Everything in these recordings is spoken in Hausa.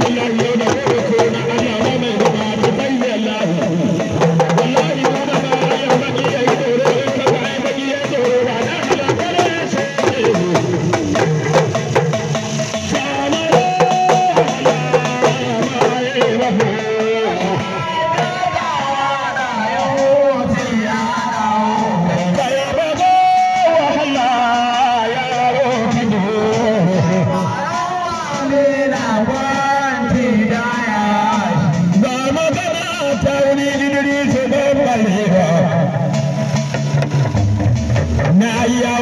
Thank you. Yeah.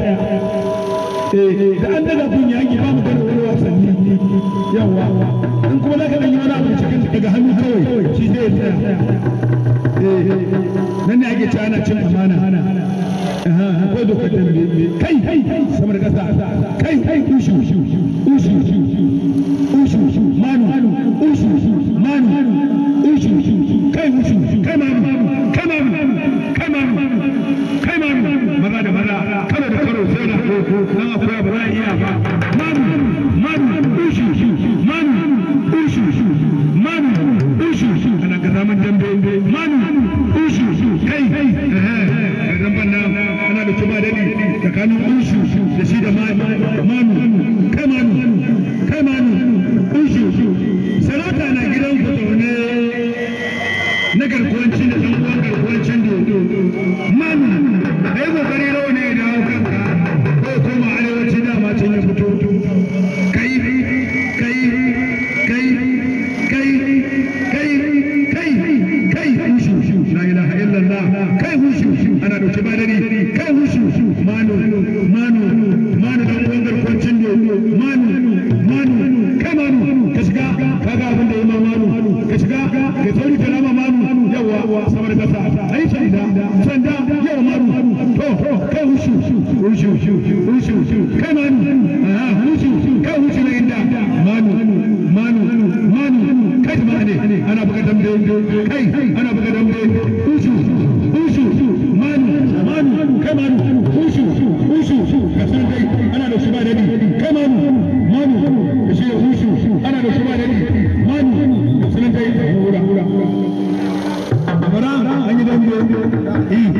Eh, da an daga kun yaki ba mu gani wani wasanni yawa in kuma za ka dan yi wani abu cikin daga hannu kawai shi zai tsaya eh, nan ne ake ci ana cin amana akwai dokar dambe kai samar kasa kai kai kushu daman dambe manu ushu kai ga zamban nan ana da kuma dadi tsakanin ushu da shi da manu kai manu kai manu ushu Yeah.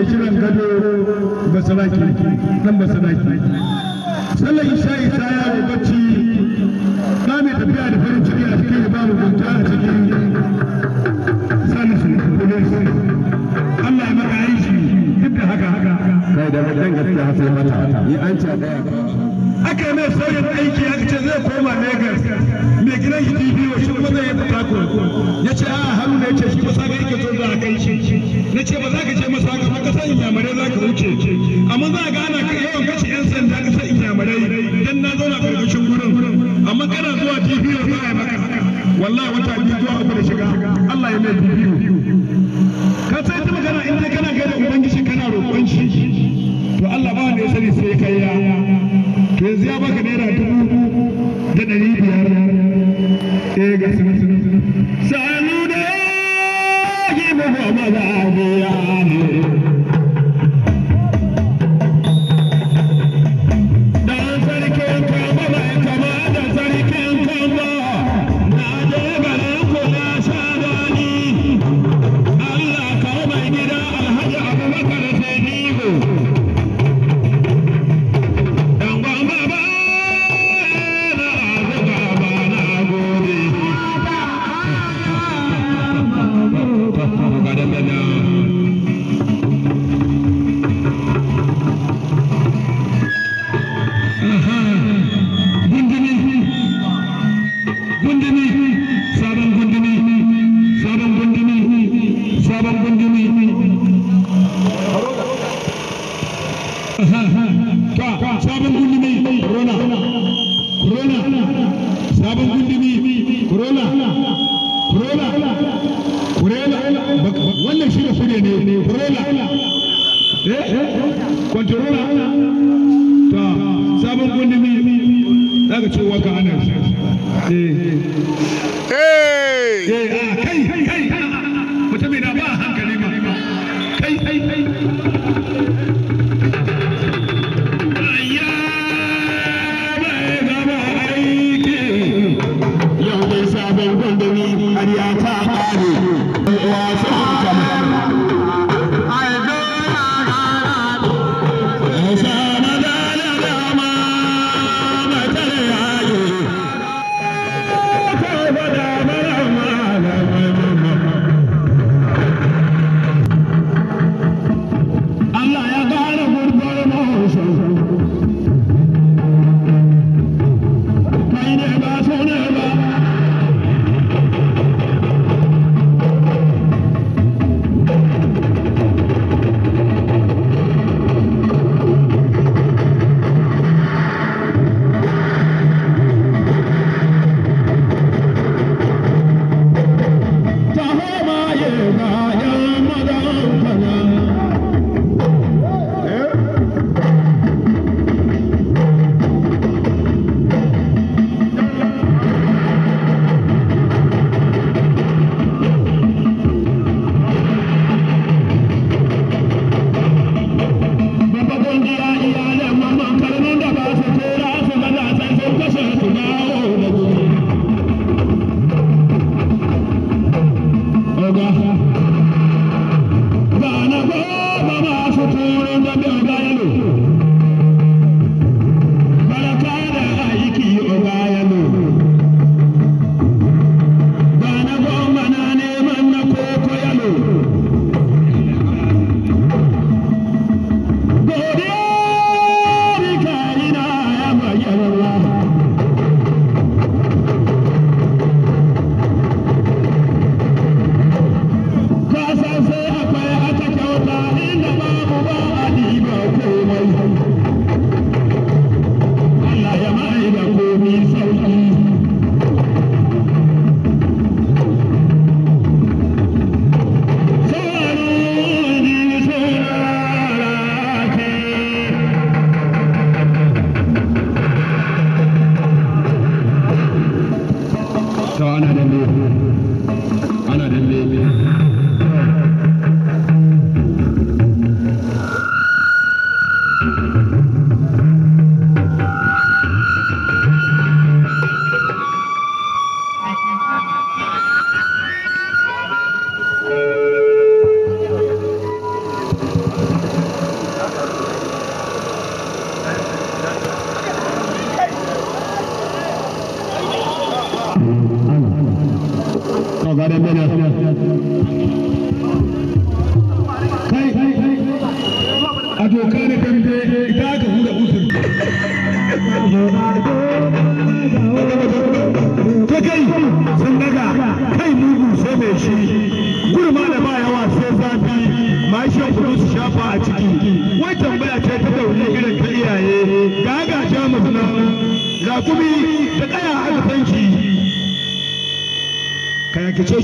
da shirin gado basaraki dan basaraki sallar isha isa ya yi bacci na mai tafiya da farin ciki a cikin ibamu bauta a cikin salisu kulis Allah ya maka yi shi duk da haka haka kai da mutum gaskiya ya mata yi an ce daya aka yi mai sauyin aiki aka ce zai koma Lagos kiran shi bibiyo shi kuma zai yi tako ya ce a haruna ya ce shi ba saka yake son za a kai shi na ce ba za ka je masa haka ba kasar inyamurai za ka wuce amma za a ga ana yawan kashe yan sanda ka kasar inyamurai idan na zauna karkashin gurin amma kana zuwa bibiyo za a yi maka wallahi wata biyu zuwa uku da shiga Allah ya mai bibiyo Ravan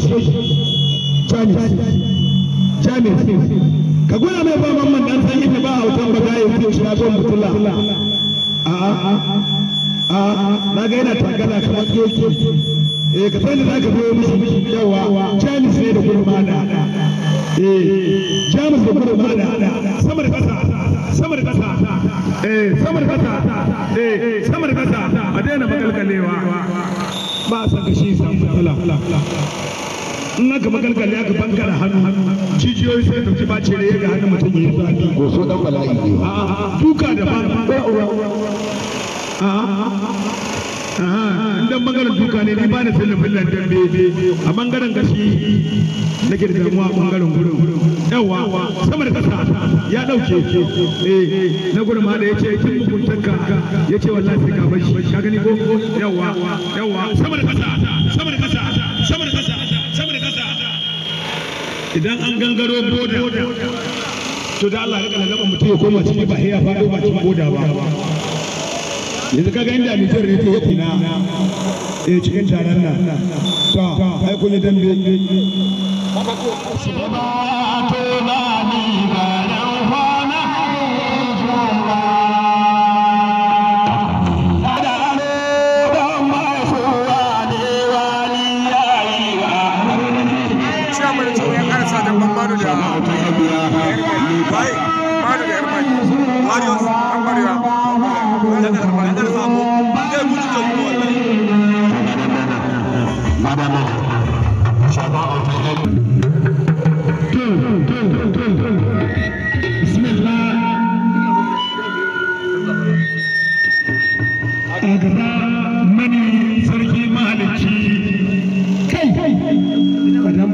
jamis jamis ka gwada mai ba mamman dan san inda ba hautan ba gaye ko shi ko mutulla a a a a na ga yana tagala kamar doki eh ka sani za ka biyo mishi yawa jamis sai da gurma da eh jamis da gurma da sama da kasa sama da kasa eh sama da kasa eh sama da kasa a daina makalkalewa ba a san shi san matsala in aka makalkalle aka banka da hannu jijiyoyi sai dauki bace da yaga hannun mutum ya zafi ko so dan bala'i ne duka da ba a'a dan bangaren duka ne ni ba na filin filin dambe a bangaren gashi nake da damuwa a bangaren gudu yawa sama da kasa ya dauke eh, na gudu ma da ce kin mukuntan ka yace wallahi sai ka bashi. shi ka gani ko yawa yawa sama da kasa sama da kasa sama da kasa idan an gangaro boda to da Allah rika lagaba mutum ya koma cikin ba ya faɗo cikin boda ba yanzu kaga inda mutum ne ta yi na eh cikin taron nan to ai kullu dambe to na ƙudura mani sarki mahalicci kai kadan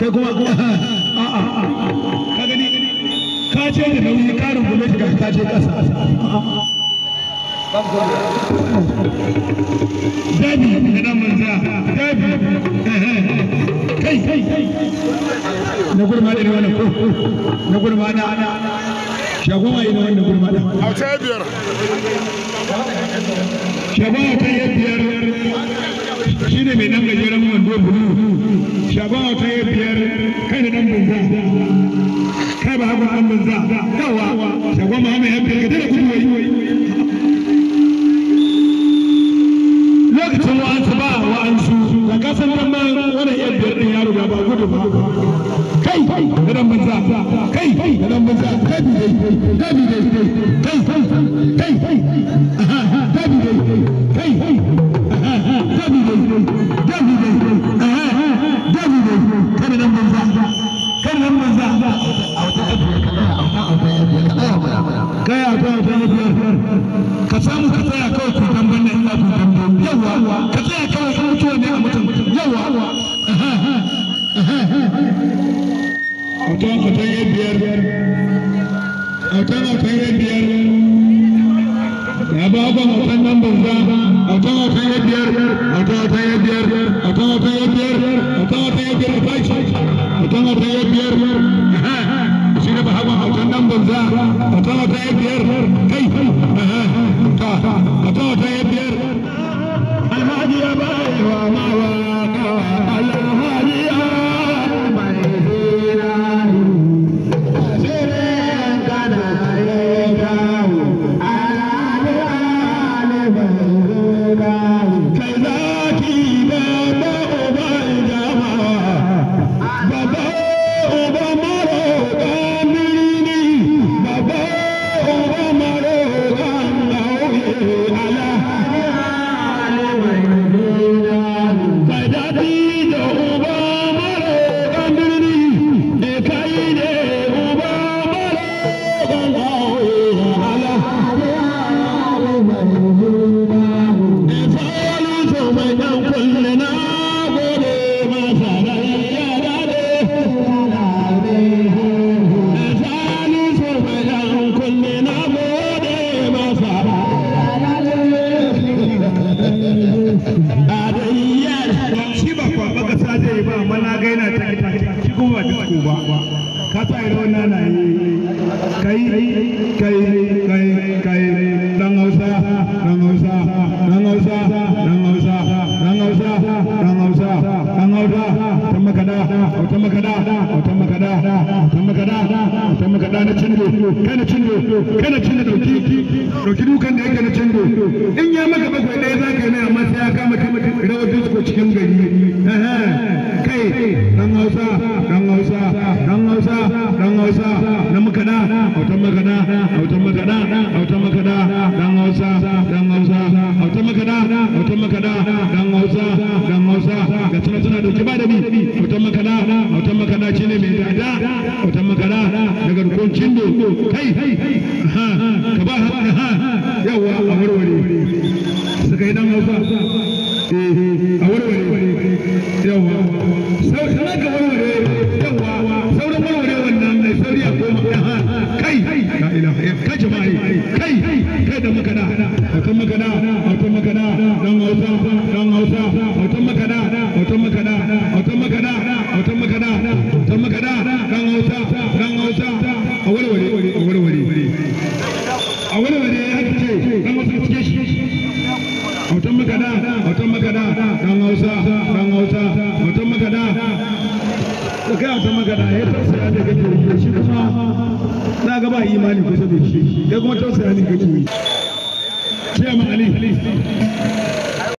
kai kuma a a ka gani ka ce da nauyi ka rungume shi ka ce kasa dabi da nan manza dabi kai na gurma da wannan ko na gurma na shagon waye na gurma da a ta biyar shagon yi biyar shine mai nan gajeren wando bulu shabawa ta yi biyar kai da dan banza kai ba haka dan banza kawa shaban muhammad ya biyar ka tare kudu wai autan autan yan biyar autan autan yan biyar ya ba ba autan nan banza autan autan yan biyar autan autan yan biyar autan autan yan biyar autan autan yan biyar autan autan autan yan biyar shi ne ba hawa autan nan banza autan autan yan biyar kai ta autan autan yan biyar alhaji ya bai wa mawaka alhaji ya